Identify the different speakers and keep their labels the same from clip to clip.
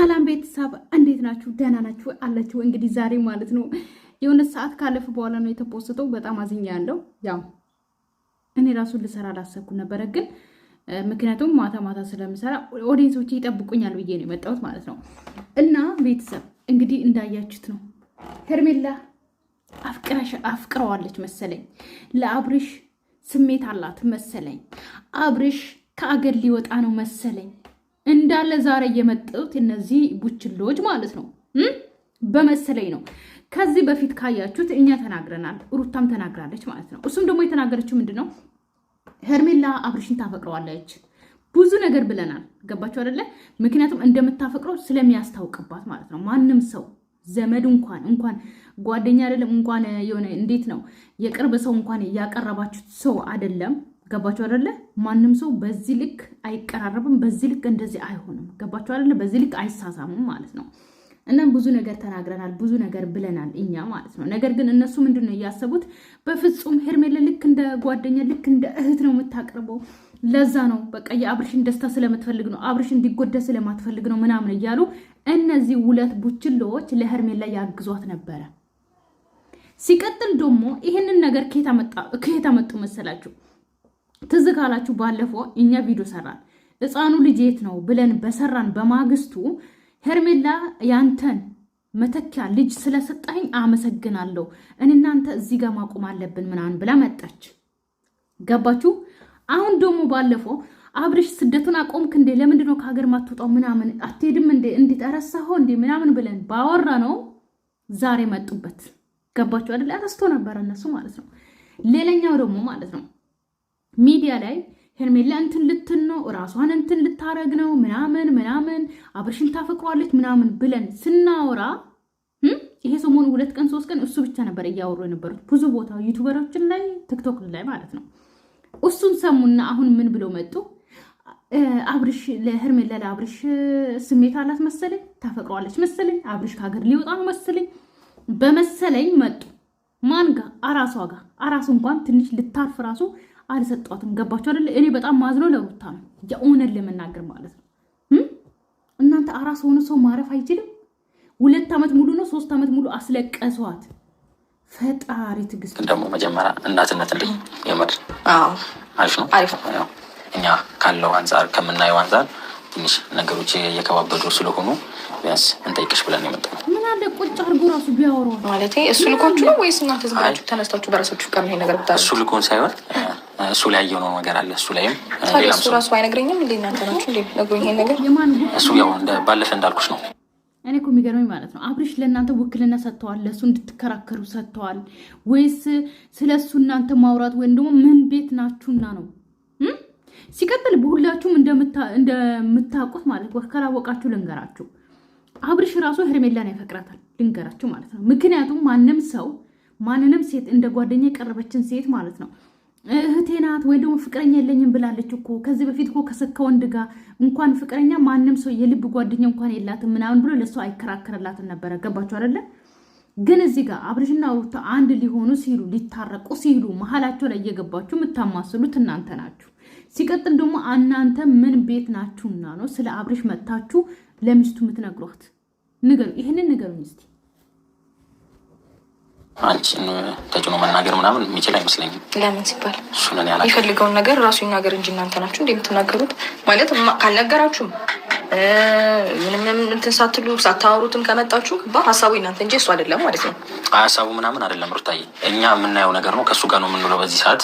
Speaker 1: ሰላም ቤተሰብ እንዴት ናችሁ? ደህና ናችሁ አላችሁ? እንግዲህ ዛሬ ማለት ነው የሆነ ሰዓት ካለፈ በኋላ ነው የተፖስተው። በጣም አዝኛ ያለው ያው እኔ ራሱ ልሰራ አላሰብኩም ነበረ፣ ግን ምክንያቱም ማታ ማታ ስለምሰራ ኦዲየንሶች ይጠብቁኛል ብዬ ነው የመጣሁት ማለት ነው። እና ቤተሰብ እንግዲህ እንዳያችሁት ነው ሄርሜላ አፍቅረዋለች መሰለኝ፣ ለአብርሽ ስሜት አላት መሰለኝ፣ አብርሽ ከአገር ሊወጣ ነው መሰለኝ እንዳለ ዛሬ የመጡት እነዚህ ቡችሎች ማለት ነው በመሰለኝ ነው። ከዚህ በፊት ካያችሁት እኛ ተናግረናል፣ ሩታም ተናግራለች ማለት ነው። እሱም ደግሞ የተናገረችው ምንድን ነው? ሄርሜላ አብርሽን ታፈቅረዋለች ብዙ ነገር ብለናል። ገባችሁ አደለ? ምክንያቱም እንደምታፈቅረው ስለሚያስታውቅባት ማለት ነው። ማንም ሰው ዘመድ እንኳን እንኳን ጓደኛ አይደለም እንኳን የሆነ እንዴት ነው የቅርብ ሰው እንኳን ያቀረባችሁት ሰው አይደለም ገባችሁ አይደለ? ማንም ሰው በዚህ ልክ አይቀራረብም፣ በዚህ ልክ እንደዚህ አይሆንም። ገባችሁ አይደለ? በዚህ ልክ አይሳሳሙም ማለት ነው። እናም ብዙ ነገር ተናግረናል፣ ብዙ ነገር ብለናል እኛ ማለት ነው። ነገር ግን እነሱ ምንድን ነው እያሰቡት? በፍጹም ሄርሜላ ልክ እንደ ጓደኛ ልክ እንደ እህት ነው የምታቀርበው። ለዛ ነው በቃ የአብርሽን ደስታ ስለምትፈልግ ነው፣ አብርሽ እንዲጎዳ ስለማትፈልግ ነው ምናምን እያሉ እነዚህ ሁለት ቡችሎዎች ለሄርሜላ ያግዟት ነበረ። ሲቀጥል ደግሞ ይህንን ነገር ከየት መጡ መሰላችሁ? ትዝ ካላችሁ ባለፈው እኛ ቪዲዮ ሰራን። ህፃኑ ልጅ የት ነው ብለን በሰራን በማግስቱ ሄርሜላ ያንተን መተኪያ ልጅ ስለሰጣኝ አመሰግናለሁ፣ እናንተ እዚህ ጋር ማቆም አለብን ምናምን ብላ መጣች። ገባችሁ? አሁን ደግሞ ባለፈው አብርሽ ስደቱን አቆምክ እንዴ? ለምንድን ነው ከሀገር ማትወጣው? ምናምን አትሄድም እንዴ? እንዴት ረሳኸው እንዴ? ምናምን ብለን ባወራ ነው ዛሬ መጡበት። ገባችሁ አይደል? ረስቶ ነበረ እነሱ ማለት ነው። ሌላኛው ደግሞ ማለት ነው ሚዲያ ላይ ሄርሜላ እንትን ልትን ነው እራሷን እንትን ልታረግ ነው ምናምን ምናምን አብርሽን ታፈቅሯለች ምናምን ብለን ስናወራ ይሄ ሰሞኑ ሁለት ቀን ሶስት ቀን እሱ ብቻ ነበር እያወሩ የነበሩት ብዙ ቦታ ዩቱበሮችን ላይ ቲክቶክ ላይ ማለት ነው። እሱን ሰሙና አሁን ምን ብለው መጡ? አብርሽ ለሄርሜላ ለአብርሽ ስሜት አላት መሰለኝ፣ ታፈቅሯለች መሰለኝ፣ አብርሽ ከሀገር ሊወጣ ነው መሰለኝ በመሰለኝ መጡ። ማን ጋ? አራሷ ጋር። አራሱ እንኳን ትንሽ ልታርፍ ራሱ አልሰጧትም። ገባችሁ አይደለ? እኔ በጣም ማዝኖ ለሩታ ነው የእውነት ለመናገር ማለት ነው። እናንተ አራስ ሆነ ሰው ማረፍ አይችልም። ሁለት ዓመት ሙሉ ነው ሶስት ዓመት ሙሉ አስለቀሷት። ፈጣሪ ትግስት
Speaker 2: ደግሞ መጀመሪያ እናትነት እንደ የምር አሪፍ ነው አሪፍ ነው። እኛ ካለው አንጻር ከምናየው አንጻር ትንሽ ነገሮች እየከባበዱ ስለሆኑ ቢያንስ እንጠይቅሽ ብለን የመጣ
Speaker 1: ምን አለ ቁጭ አድርጎ ራሱ ቢያወሩ
Speaker 2: ማለት እሱ ልኮን ነው ወይስ እናንተ ዝም ብላችሁ ተነስታችሁ በራሳችሁ ቀር ነገር ብታ እሱ ልኮን ሳይሆን እሱ ላይ ያየነው ነገር አለ። እሱ ላይም
Speaker 1: እሱ ራሱ አይነግረኝም። እንደ እናንተ ናችሁ ነገር
Speaker 2: እሱ ባለፈ እንዳልኩሽ ነው።
Speaker 1: እኔ እኮ የሚገርመኝ ማለት ነው አብርሽ ለእናንተ ውክልና ሰጥተዋል፣ ለእሱ እንድትከራከሩ ሰጥተዋል ወይስ ስለ እሱ እናንተ ማውራት ወይም ደግሞ ምን ቤት ናችሁና ነው? ሲቀጥል በሁላችሁም እንደምታውቁት ማለት ካላወቃችሁ ልንገራችሁ፣ አብርሽ ራሱ ሄርሜላን ያፈቅራታል። ልንገራችሁ ማለት ነው። ምክንያቱም ማንም ሰው ማንንም ሴት እንደ ጓደኛ የቀረበችን ሴት ማለት ነው እህቴ ናት ወይ ደግሞ ፍቅረኛ የለኝም ብላለች እኮ ከዚህ በፊት እኮ ከሰካ ወንድ ጋር እንኳን ፍቅረኛ ማንም ሰው የልብ ጓደኛ እንኳን የላትም ምናምን ብሎ ለሰው አይከራከርላትም ነበረ። ገባችሁ አይደለ? ግን እዚህ ጋር አብርሽና ሩታ አንድ ሊሆኑ ሲሉ ሊታረቁ ሲሉ መሀላቸው ላይ እየገባችሁ የምታማስሉት እናንተ ናችሁ። ሲቀጥል ደግሞ እናንተ ምን ቤት ናችሁና ነው ስለ አብርሽ መጥታችሁ ለሚስቱ የምትነግሯት? ንገሩ፣ ይህንን ንገሩኝ እስኪ
Speaker 2: አንቺን ተጭኖ መናገር ምናምን የሚችል አይመስለኝም። ለምን ሲባል እሱን
Speaker 1: የፈልገውን ነገር ራሱ ይናገር እንጂ እናንተ ናችሁ እንደ የምትናገሩት። ማለት ካልነገራችሁም ምንም እንትን ሳትሉ ሳታወሩትም ከመጣችሁ ባ ሀሳቡ እናንተ እንጂ እሱ አይደለም ማለት ነው።
Speaker 2: ሀሳቡ ምናምን አይደለም ሩታዬ፣ እኛ የምናየው ነገር ነው። ከእሱ ጋር ነው የምንውለው። በዚህ ሰዓት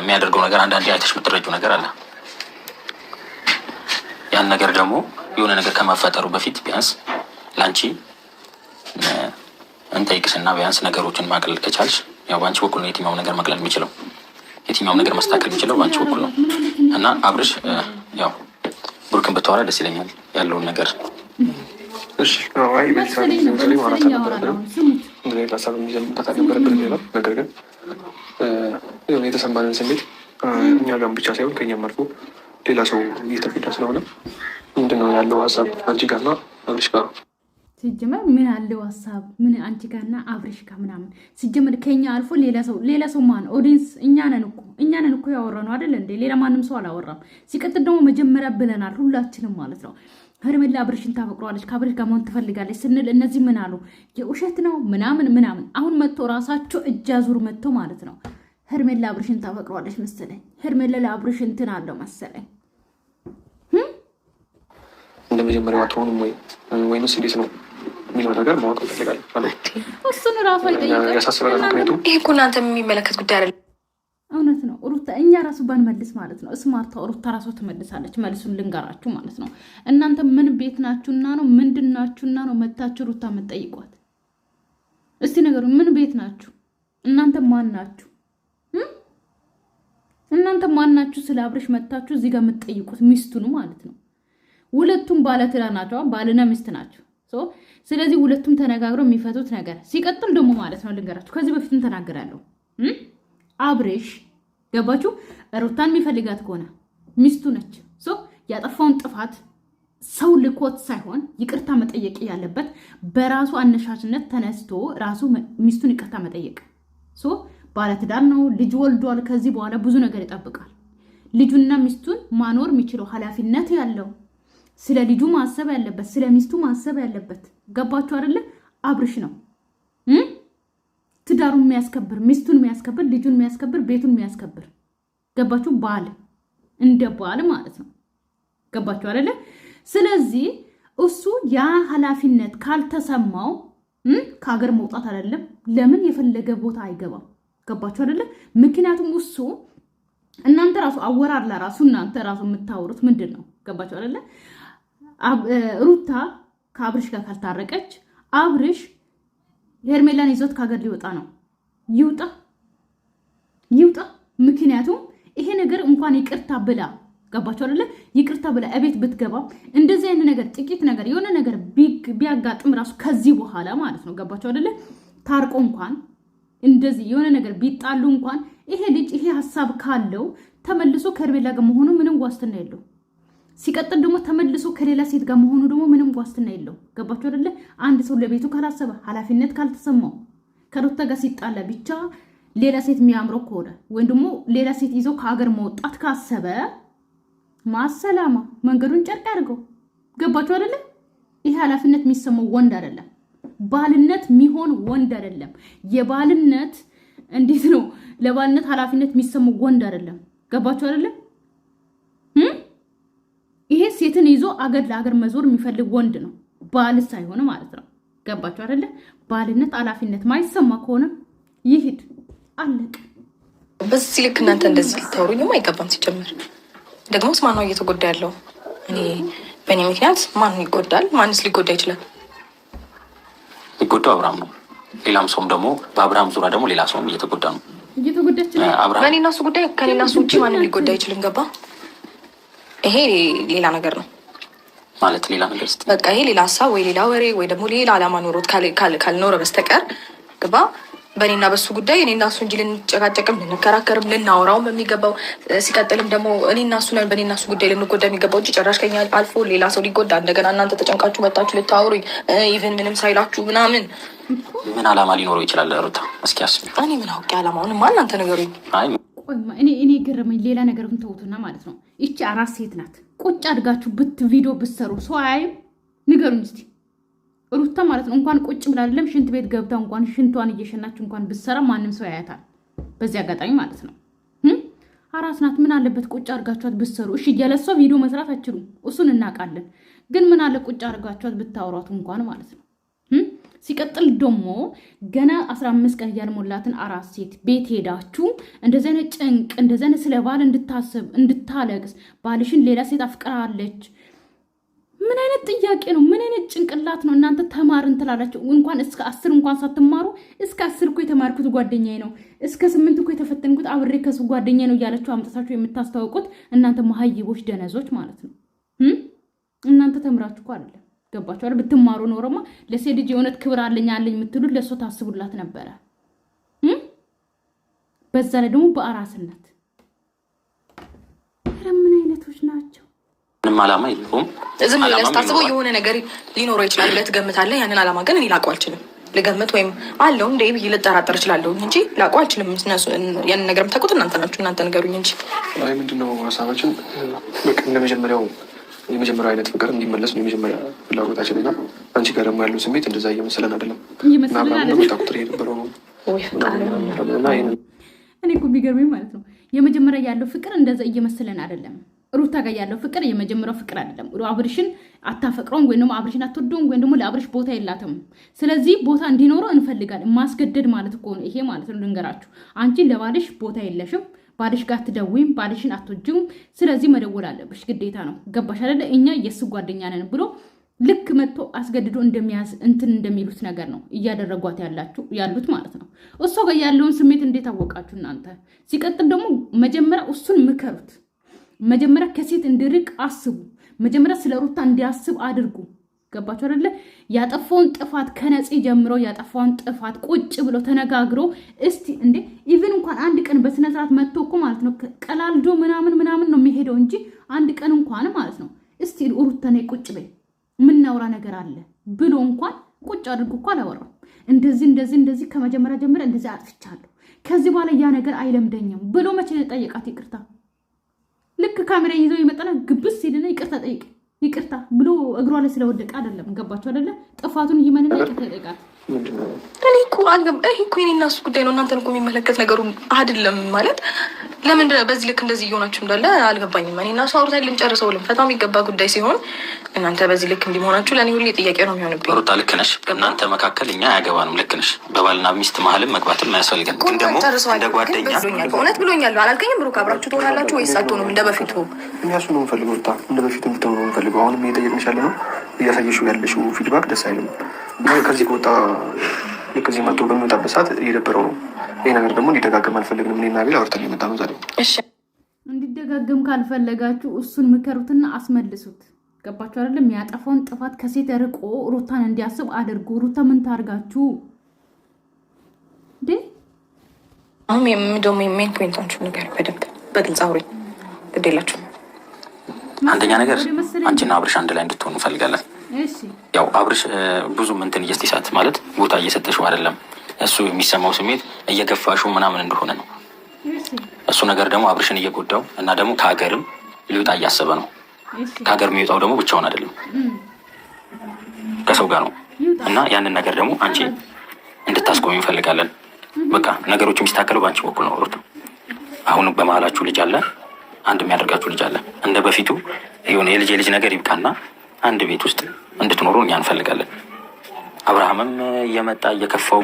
Speaker 2: የሚያደርገው ነገር አንዳንዴ አይተሽ የምትረጁ ነገር አለ። ያን ነገር ደግሞ የሆነ ነገር ከመፈጠሩ በፊት ቢያንስ ለአንቺ እንጠይቅሽና ቢያንስ ነገሮችን ማቅለል ከቻልሽ፣ ያው በአንቺ በኩል ነው የትኛውም ነገር መቅለል የሚችለው የትኛውም ነገር መስተካከል የሚችለው በአንቺ በኩል ነው እና አብርሽ ያው ብሩክን ብታወራ ደስ ይለኛል ያለውን ነገር ነገር ግን የሆነ የተሰማንን ስሜት እኛ ጋር ብቻ ሳይሆን ከኛም አልፎ ሌላ ሰው እየተፈዳ ስለሆነ ምንድን ያለው ሀሳብ አንቺ ጋርና አብርሽ ጋር
Speaker 1: ሲጀመር ምን አለው ሀሳብ ምን አንቺ ጋርና አብሬሽ ጋር ምናምን ሲጀመር ከኛ አልፎ ሌላ ሰው ሌላ ሰው ማን ኦዲንስ እኛ ነን እኮ እኛ ነን እኮ ያወራ ነው አደለ እንዴ? ሌላ ማንም ሰው አላወራም። ሲቀጥል ደግሞ መጀመሪያ ብለናል ሁላችንም ማለት ነው። ሄርሜላ አብሬሽን ታፈቅሯለች ከአብሬሽ ጋር መሆን ትፈልጋለች ስንል እነዚህ ምን አሉ? የውሸት ነው ምናምን ምናምን። አሁን መጥቶ ራሳቸው ዙር መጥቶ ማለት ነው ሄርሜላ አብሬሽን ታፈቅሯለች መሰለኝ፣ ሄርሜላ ለአብሬሽ እንትን አለው መሰለኝ
Speaker 2: እንደመጀመሪያው አትሆንም ወይ? ወይንስ እንዴት ነው? የሚለው ነገር ማወቅ እፈልጋለሁ። እሱን ራሱ አይጠይቅም ያሳስበናል።
Speaker 1: ምክንያቱም እኮ እናንተ የሚመለከት ጉዳይ አይደለም። እውነት ነው ሩታ። እኛ ራሱ ባንመልስ ማለት ነው ስማርታ ሩታ ራሷ ትመልሳለች። መልሱን ልንገራችሁ ማለት ነው። እናንተ ምን ቤት ናችሁና ነው ናችሁና ነው መታችሁ ሩታ መጠይቋት? እስቲ ነገሩ ምን ቤት ናችሁ እናንተ? ማን ናችሁ እናንተ ማን ናችሁ? ስለ አብርሽ መታችሁ እዚህ ጋር የምትጠይቁት ሚስቱን ማለት ነው። ሁለቱም ባለትዳር ናቸው። ባልና ሚስት ናቸው። ስለዚህ ሁለቱም ተነጋግረው የሚፈቱት ነገር ሲቀጥል ደግሞ ማለት ነው ልንገራችሁ፣ ከዚህ በፊትም ተናግራለሁ። አብሬሽ ገባችሁ፣ ሩታን የሚፈልጋት ከሆነ ሚስቱ ነች። ያጠፋውን ጥፋት ሰው ልኮት ሳይሆን ይቅርታ መጠየቅ ያለበት በራሱ አነሻችነት ተነስቶ ራሱ ሚስቱን ይቅርታ መጠየቅ። ባለትዳር ነው፣ ልጅ ወልዷል። ከዚህ በኋላ ብዙ ነገር ይጠብቃል። ልጁና ሚስቱን ማኖር የሚችለው ኃላፊነት ያለው ስለ ልጁ ማሰብ ያለበት፣ ስለ ሚስቱ ማሰብ ያለበት ገባችሁ አይደለ? አብርሽ ነው ትዳሩን የሚያስከብር ሚስቱን የሚያስከብር ልጁን የሚያስከብር ቤቱን የሚያስከብር ገባችሁ? ባል እንደ ባል ማለት ነው ገባችሁ አይደለ? ስለዚህ እሱ ያ ኃላፊነት ካልተሰማው ከሀገር መውጣት አይደለም፣ ለምን የፈለገ ቦታ አይገባም። ገባችሁ አይደለ? ምክንያቱም እሱ እናንተ ራሱ አወራር ለራሱ እናንተ ራሱ የምታወሩት ምንድን ነው? ገባችሁ አይደለ? ሩታ ከአብርሽ ጋር ካልታረቀች አብርሽ ሄርሜላን ይዞት ከሀገር ሊወጣ ነው። ይውጣ ይውጣ። ምክንያቱም ይሄ ነገር እንኳን ይቅርታ ብላ ገባቸው አይደለ? ይቅርታ ብላ እቤት ብትገባ እንደዚህ አይነት ነገር ጥቂት ነገር የሆነ ነገር ቢያጋጥም ራሱ ከዚህ በኋላ ማለት ነው ገባቸው አይደለ? ታርቆ እንኳን እንደዚህ የሆነ ነገር ቢጣሉ እንኳን ይሄ ልጅ ይሄ ሀሳብ ካለው ተመልሶ ከሄርሜላ ጋር መሆኑ ምንም ዋስትና የለው ሲቀጥል ደግሞ ተመልሶ ከሌላ ሴት ጋር መሆኑ ደግሞ ምንም ዋስትና የለው። ገባችሁ አይደለ? አንድ ሰው ለቤቱ ካላሰበ፣ ኃላፊነት ካልተሰማው፣ ከዶታ ጋር ሲጣላ ብቻ ሌላ ሴት የሚያምረው ከሆነ ወይም ደግሞ ሌላ ሴት ይዞ ከሀገር መውጣት ካሰበ ማሰላማ መንገዱን ጨርቅ ያድርገው። ገባችሁ አደለ? ይህ ኃላፊነት የሚሰማው ወንድ አይደለም። ባልነት የሚሆን ወንድ አይደለም። የባልነት እንዴት ነው? ለባልነት ኃላፊነት የሚሰማው ወንድ አይደለም። ገባችሁ አይደለም? ሴትን ይዞ አገር ለአገር መዞር የሚፈልግ ወንድ ነው ባል ሳይሆን ማለት ነው። ገባችሁ አይደለ? ባልነት ኃላፊነት ማይሰማ ከሆነ ይሂድ፣ አለቅ። በዚህ ልክ እናንተ እንደዚህ ልታወሩኝም አይገባም። ሲጀምር ደግሞስ ማን ነው እየተጎዳ ያለው? እኔ በእኔ ምክንያት ማን ይጎዳል? ማንስ ሊጎዳ ይችላል?
Speaker 2: ሊጎዳው አብርሃም ነው። ሌላም ሰውም ደግሞ በአብርሃም ዙሪያ ደግሞ ሌላ ሰውም እየተጎዳ ነው።
Speaker 1: እየተጎዳችለ በእኔ እና ጉዳይ ከሌላ እና ውጭ ማንም ሊጎዳ አይችልም። ገባ ይሄ ሌላ ነገር ነው
Speaker 2: ማለት ሌላ ነገር ስ
Speaker 1: በቃ ይሄ ሌላ ሀሳብ ወይ ሌላ ወሬ ወይ ደግሞ ሌላ አላማ ኖሮት ካልኖረ በስተቀር ግባ በእኔና በሱ ጉዳይ እኔና እሱ እንጂ ልንጨቃጨቅም ልንከራከርም ልናወራውም የሚገባው ሲቀጥልም ደግሞ እኔና እሱ ነን በእኔና እሱ ጉዳይ ልንጎዳ የሚገባው እንጂ ጭራሽ ከኛ አልፎ ሌላ ሰው ሊጎዳ እንደገና እናንተ ተጨንቃችሁ መጣችሁ ልታወሩኝ ኢቨን ምንም ሳይላችሁ ምናምን
Speaker 2: ምን አላማ ሊኖረው ይችላል? ሩታ እስኪ አስቢ።
Speaker 1: እኔ ምን አውቄ ዓላማውን እናንተ ነገሩኝ። እኔ ገረመኝ። ሌላ ነገር ተውትና ማለት ነው ይቺ አራስ ሴት ናት። ቁጭ አድጋችሁ ብት ቪዲዮ ብትሰሩ ሰው አያይም? ንገሩኝ እስኪ። ሩታ ማለት ነው እንኳን ቁጭ ብላለም ሽንት ቤት ገብታ እንኳን ሽንቷን እየሸናችሁ እንኳን ብትሰራ ማንም ሰው ያያታል። በዚህ አጋጣሚ ማለት ነው አራስ ናት። ምን አለበት ቁጭ አድርጋችኋት ብትሰሩ። እሺ እያለ እሷ ቪዲዮ መስራት አይችሉም፣ እሱን እናውቃለን። ግን ምን አለ ቁጭ አድርጋችኋት ብታወሯት እንኳን ማለት ነው ሲቀጥል ደግሞ ገና 15 ቀን ያልሞላትን አራት ሴት ቤት ሄዳችሁ እንደዘነ ጭንቅ እንደዘነ ስለ ባል እንድታስብ እንድታለቅስ ባልሽን ሌላ ሴት አፍቅራለች ምን አይነት ጥያቄ ነው? ምን አይነት ጭንቅላት ነው? እናንተ ተማርን ትላላችሁ። እንኳን እስከ አስር እንኳን ሳትማሩ እስከ አስር እኮ የተማርኩት ጓደኛዬ ነው፣ እስከ ስምንት እኮ የተፈተንኩት አብሬ ከሱ ጓደኛዬ ነው እያላችሁ አምጥታችሁ የምታስታውቁት እናንተ መሀይቦች ደነዞች ማለት ነው። እናንተ ተምራችሁ እኮ አይደለም። ገባችኋል? ብትማሩ ኖሮማ ለሴት ልጅ የእውነት ክብር አለኝ አለኝ የምትሉ ለእሱ ታስቡላት ነበረ። በዛ ላይ ደግሞ በአራስነት ምን አይነቶች ናቸው?
Speaker 2: ምንም አላማ የለውም።
Speaker 1: ዝም ብለህ ስታስበው የሆነ ነገር ሊኖረው ይችላል ብለህ ትገምታለህ። ያንን አላማ ግን እኔ ላውቀው አልችልም። ልገምት ወይም አለው እንደ ብዬ ልጠራጠር እችላለሁ እንጂ ላውቀው አልችልም። ያንን ነገር የምታውቁት እናንተ ናችሁ። እናንተ ነገሩኝ እንጂ
Speaker 2: ምንድነው ሀሳባችን እንደ መጀመሪያው የመጀመሪያ አይነት ፍቅር እንዲመለስ ነው የመጀመሪያ ፍላጎታችን እና አንቺ ጋር ደግሞ ያለው ስሜት እንደዛ እየመሰለን አይደለም። ቁጥር የነበረው
Speaker 1: እኔ እኮ የሚገርመኝ ማለት ነው የመጀመሪያ ያለው ፍቅር እንደዛ እየመሰለን አይደለም። ሩታ ጋር ያለው ፍቅር የመጀመሪያው ፍቅር አይደለም። አብርሽን አታፈቅረውም ወይም ደግሞ አብርሽን አትወደውም ወይም ደግሞ ለአብርሽ ቦታ የላትም። ስለዚህ ቦታ እንዲኖረው እንፈልጋለን። ማስገደድ ማለት እኮ ነው ይሄ ማለት ነው። ልንገራችሁ አንቺ ለባልሽ ቦታ የለሽም ባልሽ ጋር አትደውይም፣ ባልሽን አትወጂውም። ስለዚህ መደወል አለብሽ ግዴታ ነው። ገባሽ አይደለ? እኛ የእሱ ጓደኛ ነን ብሎ ልክ መጥቶ አስገድዶ እንደሚያዝ እንትን እንደሚሉት ነገር ነው እያደረጓት ያላችሁ ያሉት ማለት ነው። እሷ ጋር ያለውን ስሜት እንዴት አወቃችሁ እናንተ? ሲቀጥል ደግሞ መጀመሪያ እሱን ምከሩት። መጀመሪያ ከሴት እንዲርቅ አስቡ። መጀመሪያ ስለ ሩታ እንዲያስብ አድርጉ። ገባችሁ አይደለ? ያጠፋውን ጥፋት ከነጽ ጀምሮ ያጠፋውን ጥፋት ቁጭ ብሎ ተነጋግሮ እስቲ እንዴ ኢቭን እንኳን አንድ ቀን በስነ ስርዓት መጥቶ እኮ ማለት ነው ቀላልዶ ምናምን ምናምን ነው የሚሄደው እንጂ አንድ ቀን እንኳን ማለት ነው እስቲ ሩተኔ ቁጭ በይ የምናወራ ነገር አለ ብሎ እንኳን ቁጭ አድርጎ እኮ አላወራም። እንደዚህ እንደዚህ እንደዚህ ከመጀመሪያ ጀምረ እንደዚህ አጥፍቻለሁ ከዚህ በኋላ ያ ነገር አይለምደኝም ብሎ መቼ ጠየቃት? ይቅርታ ልክ ካሜራ ይዘው የመጠና ግብስ ሲልና ይቅርታ ጠይቅ ይቅርታ ብሎ እግሯ ላይ ስለወደቀ አይደለም። ገባችሁ አይደለ? ጥፋቱን ይመንና ይቅርታ ይጠይቃት። እኔ እኮ እኔ እና እሱ ጉዳይ ነው። እናንተን እኮ የሚመለከት ነገሩ አይደለም ማለት ለምንድን ነው በዚህ ልክ እንደዚህ እየሆናችሁ እንዳለ አልገባኝም። እኔ እና እሱ አውርተን ልንጨርሰው ልንፈታ የሚገባ ጉዳይ ሲሆን እናንተ በዚህ ልክ እንዲመሆናችሁ ለእኔ ሁሌ ጥያቄ ነው
Speaker 2: የሚሆንብኝ። ሩታ ልክ ነሽ። እናንተ መካከል እኛ አያገባንም። ልክ ነሽ። በባልና ሚስት መሀልም መግባትም አያስፈልገን። ግን ደግሞ እንደ ጓደኛ
Speaker 1: እውነት ብሎኛል። አላልከኝም? ብሩክ አብራችሁ ትሆናላችሁ ወይስ አትሆኑም? እንደ በፊቱ
Speaker 2: እኛ ነው የምፈልገው። ሩታ እንደ በፊቱ እንድትሆኑ ነው የምፈልገው። አሁንም እየጠየቅንሻለ ነው። እያሳየሽው ያለሽው ፊድባክ ደስ አይልም። ግን ከዚህ ከወጣ ከዚህ መጥቶ በሚወጣበት ሰዓት እየደበረው ነው። ይህ ነገር ደግሞ እንዲደጋገም አልፈለግንም። እኔና ቤል አውርተን የመጣ ነው ዛሬ።
Speaker 1: እንዲደጋገም ካልፈለጋችሁ እሱን ምከሩትና አስመልሱት። ገባችሁ አይደለም? ያጠፋውን ጥፋት ከሴት ርቆ ሩታን እንዲያስብ አድርጉ። ሩታ ምን ታርጋችሁ እንዴ? አሁን የምደሞ የሜን ፖይንታችሁ ነገር በደንብ በግልጽ አውሪ። ግዴላችሁ።
Speaker 2: አንደኛ ነገር አንቺና አብርሽ አንድ ላይ እንድትሆኑ እንፈልጋለን ያው አብርሽ ብዙ ምንትን እየስጢሳት ማለት ቦታ እየሰጠሽው አይደለም። እሱ የሚሰማው ስሜት እየገፋሹ ምናምን እንደሆነ ነው። እሱ ነገር ደግሞ አብርሽን እየጎዳው እና ደግሞ ከሀገርም ሊወጣ እያሰበ ነው። ከሀገር የሚወጣው ደግሞ ብቻውን አይደለም ከሰው ጋር ነው እና ያንን ነገር ደግሞ አንቺ እንድታስቆሚ እንፈልጋለን። በቃ ነገሮች የሚስተካከለው በአንቺ በኩል ነው። ሩት አሁን በመሀላችሁ ልጅ አለ፣ አንድ የሚያደርጋችሁ ልጅ አለ። እንደ በፊቱ የሆነ የልጅ የልጅ ነገር ይብቃና አንድ ቤት ውስጥ እንድትኖሩ እኛ እንፈልጋለን። አብርሃምም እየመጣ እየከፋው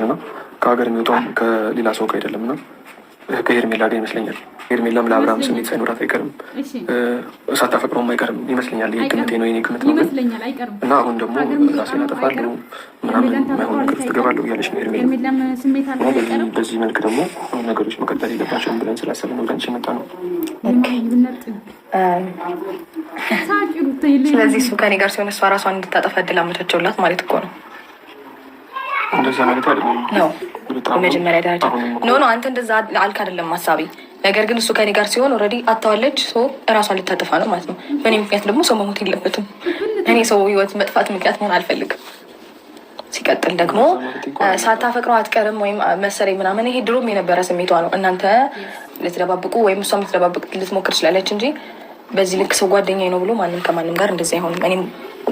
Speaker 2: ከሀገር የሚወጣውም ከሌላ ሰው ጋር አይደለም እና ከሄርሜላ ጋር ይመስለኛል። ሄርሜላም ለአብርሃም ስሜት ሳይኖራት አይቀርም፣ ሳታፈቅረውም አይቀርም ይመስለኛል። ይህ ግምቴ ነው፣ የኔ ግምት ነው። እና አሁን ደግሞ ራሴን አጠፋለሁ ምናምን ማይሆን ነገር ውስጥ እገባለሁ እያለች ነው ሄርሜላ። በዚህ መልክ ደግሞ ነገሮች መቀጠል የለባቸውም ብለን ስላሰብ ነው አንቺ የመጣ ነው።
Speaker 1: ስለዚህ እሱ ከኔ ጋር ሲሆን እሷ ራሷን እንድታጠፋ እድል አመቻቸውላት ማለት እኮ ነው። መጀመሪያ ደረጃ ኖ ኖ አንተ እንደዛ አልክ አይደለም ሀሳቤ። ነገር ግን እሱ ከኔ ጋር ሲሆን ኦልሬዲ አታዋለች ሰው እራሷን ልታጠፋ ነው ማለት ነው። በእኔ ምክንያት ደግሞ ሰው መሞት የለበትም። እኔ ሰው ህይወት መጥፋት ምክንያት መሆን አልፈልግም። ሲቀጥል ደግሞ ሳታፈቅረው አትቀርም ወይም መሰለኝ ምናምን፣ ይሄ ድሮም የነበረ ስሜቷ ነው። እናንተ ልትደባብቁ ወይም እሷም ልትደባብቅ ልትሞክር ትችላለች እንጂ በዚህ ልክ ሰው ጓደኛ ነው ብሎ ማንም ከማንም ጋር እንደዚህ አይሆንም። እኔም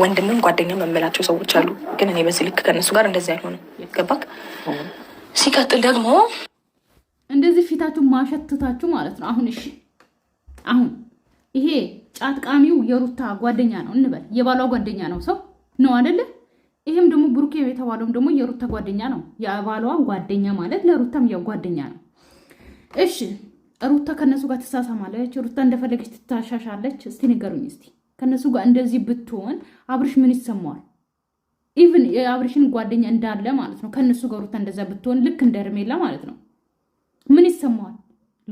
Speaker 1: ወንድምም ጓደኛ መመላቸው ሰዎች አሉ፣ ግን እኔ በዚህ ልክ ከእነሱ ጋር እንደዚህ አይሆንም። ገባክ? ሲቀጥል ደግሞ እንደዚህ ፊታችሁ ማሸትታችሁ ማለት ነው። አሁን እሺ፣ አሁን ይሄ ጫት የሩታ ጓደኛ ነው እንበል፣ የባሏ ጓደኛ ነው ሰው ነው አደለ? ይሄም ደግሞ ብሩኬ የተባለውም ደግሞ የሩታ ጓደኛ ነው። የባሏ ጓደኛ ማለት ለሩታም ያው ጓደኛ ነው። እሺ ሩታ ከነሱ ጋር ትሳሳማለች፣ ሩታ እንደፈለገች ትታሻሻለች። እስቲ ንገሩኝ እስቲ ከነሱ ጋር እንደዚህ ብትሆን አብርሽ ምን ይሰማዋል? ኢቭን የአብርሽን ጓደኛ እንዳለ ማለት ነው። ከነሱ ጋር ሩታ እንደዛ ብትሆን ልክ እንደ ርሜላ ማለት ነው። ምን ይሰማዋል?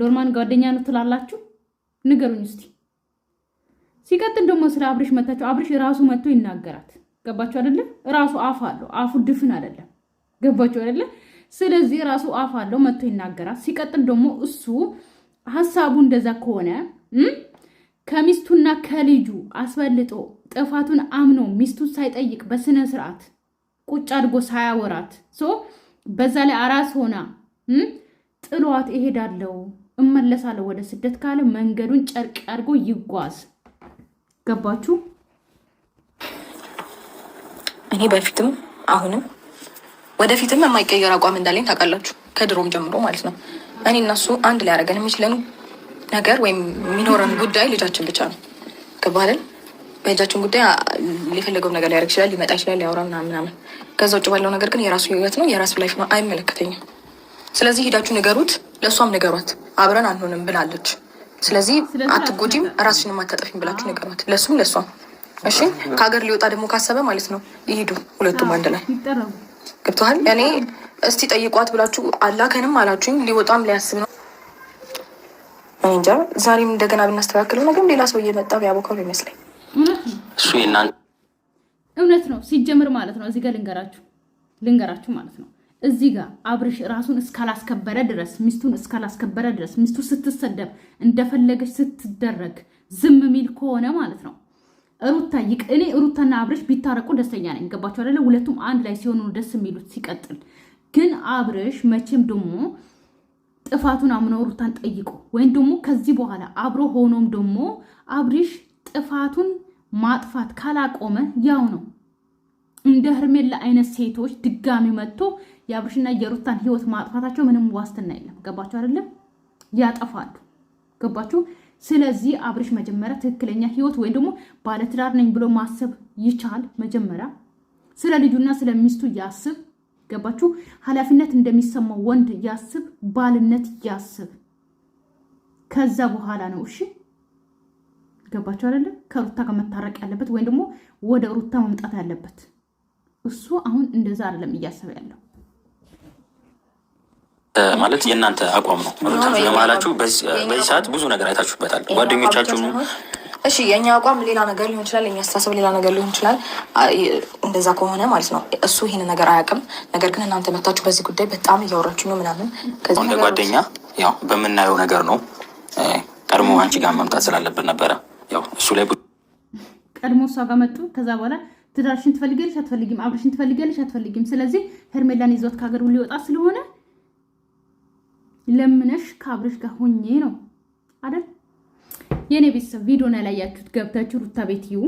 Speaker 1: ሎርማን ጓደኛ ነው ትላላችሁ? ንገሩኝ እስቲ። ሲቀጥል ደግሞ ስለ አብርሽ መታችሁ፣ አብርሽ ራሱ መጥቶ ይናገራት። ገባችሁ አይደለ? ራሱ አፍ አለው። አፉ ድፍን አይደለም። ገባችሁ አይደለ? ስለዚህ ራሱ አፍ አለው መጥቶ ይናገራት። ሲቀጥል ደግሞ እሱ ሀሳቡ እንደዛ ከሆነ ከሚስቱና ከልጁ አስበልጦ ጥፋቱን አምኖ ሚስቱን ሳይጠይቅ በስነ ስርዓት ቁጭ አድጎ ሳያወራት በዛ ላይ አራስ ሆና ጥሏት እሄዳለሁ እመለሳለሁ ወደ ስደት ካለ መንገዱን ጨርቅ አድርጎ ይጓዝ። ገባችሁ? እኔ በፊትም አሁንም ወደፊትም የማይቀየር አቋም እንዳለኝ ታውቃላችሁ፣ ከድሮም ጀምሮ ማለት ነው። እኔ እነሱ አንድ ሊያደርገን የሚችለን ነገር ወይም የሚኖረን ጉዳይ ልጃችን ብቻ ነው። ገባለን በእጃችን ጉዳይ ሊፈለገው ነገር ሊያደርግ ይችላል፣ ሊመጣ ይችላል፣ ሊያወራ ምናምን ምናምን። ከዛ ውጭ ባለው ነገር ግን የራሱ ህይወት ነው፣ የራሱ ላይፍ ነው፣ አይመለከተኝም። ስለዚህ ሂዳችሁ ንገሩት፣ ለእሷም ንገሯት። አብረን አንሆንም ብላለች፣ ስለዚህ አትጎጂም፣ ራስሽንም አታጠፊም ብላችሁ ንገሯት፣ ለእሱም ለእሷም። እሺ ከሀገር ሊወጣ ደግሞ ካሰበ ማለት ነው ይሄዱ፣ ሁለቱም አንድ ላይ ገብተዋል። እኔ እስቲ ጠይቋት ብላችሁ አላከንም አላችሁኝ። ሊወጣም ሊያስብ ነው። እንጃ ዛሬም እንደገና ብናስተካክለው ነገም ሌላ ሰው እየመጣ ያቦካው ይመስለኝ። እሱ እውነት ነው ሲጀምር ማለት ነው። እዚህ ጋር ልንገራችሁ ልንገራችሁ ማለት ነው እዚህ ጋር አብርሽ ራሱን እስካላስከበረ ድረስ ሚስቱን እስካላስከበረ ድረስ ሚስቱ ስትሰደብ እንደፈለገች ስትደረግ ዝም የሚል ከሆነ ማለት ነው ሩታ ይቅ እኔ ሩታና አብርሽ ቢታረቁ ደስተኛ ነኝ። ገባችሁ አይደለ? ሁለቱም አንድ ላይ ሲሆኑ ደስ የሚሉት ሲቀጥል ግን አብርሽ መቼም ደግሞ ጥፋቱን አምኖ ሩታን ጠይቆ ወይም ደግሞ ከዚህ በኋላ አብሮ ሆኖም ደግሞ አብርሽ ጥፋቱን ማጥፋት ካላቆመ ያው ነው። እንደ ህርሜላ አይነት ሴቶች ድጋሚ መጥቶ የአብርሽና የሩታን ህይወት ማጥፋታቸው ምንም ዋስትና የለም። ገባችሁ አይደለም? ያጠፋሉ። ገባችሁ ስለዚህ አብርሽ መጀመሪያ ትክክለኛ ህይወት ወይም ደግሞ ባለትዳር ነኝ ብሎ ማሰብ ይቻል። መጀመሪያ ስለ ልጁና ስለ ሚስቱ ያስብ። ገባችሁ? ኃላፊነት እንደሚሰማው ወንድ ያስብ፣ ባልነት ያስብ። ከዛ በኋላ ነው እሺ ገባቸው አይደለ? ከሩታ ጋር መታረቅ ያለበት ወይም ደግሞ ወደ ሩታ መምጣት ያለበት እሱ አሁን እንደዛ አይደለም እያሰበ ያለው።
Speaker 2: ማለት የእናንተ አቋም ነው ለማላችሁ። በዚህ ሰዓት ብዙ ነገር አይታችሁበታል። ጓደኞቻችሁ
Speaker 1: እሺ፣ የእኛ አቋም ሌላ ነገር ሊሆን ይችላል። የኛ አስተሳሰብ ሌላ ነገር ሊሆን ይችላል። እንደዛ ከሆነ ማለት ነው እሱ ይህን ነገር አያውቅም። ነገር ግን እናንተ መታችሁ በዚህ ጉዳይ በጣም እያወራችሁ ነው ምናምን።
Speaker 2: እንደ ጓደኛ ያው በምናየው ነገር ነው ቀድሞ አንቺ ጋር መምጣት ስላለብን ነበረ። ያው እሱ ላይ
Speaker 1: ቀድሞ እሷ ጋር መጡ። ከዛ በኋላ ትዳርሽን ትፈልጊያለሽ አትፈልጊም፣ አብርሽን ትፈልጊያለሽ አትፈልጊም። ስለዚህ ሄርሜላን ይዞት ከሀገር ሊወጣ ስለሆነ ለምነሽ ከአብረሽ ጋር ሆኜ ነው አይደል? የእኔ ቤተሰብ ቪዲዮን ያላያችሁት ገብታችሁ ሩታ ቤት ይዩ።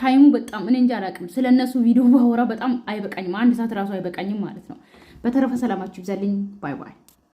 Speaker 1: ታይሙ በጣም እኔ እንጃ አላውቅም። ስለ እነሱ ቪዲዮ ባወራ በጣም አይበቃኝም። አንድ ሰዓት ራሱ አይበቃኝም ማለት ነው። በተረፈ ሰላማችሁ ይብዛልኝ። ባይ ባይ።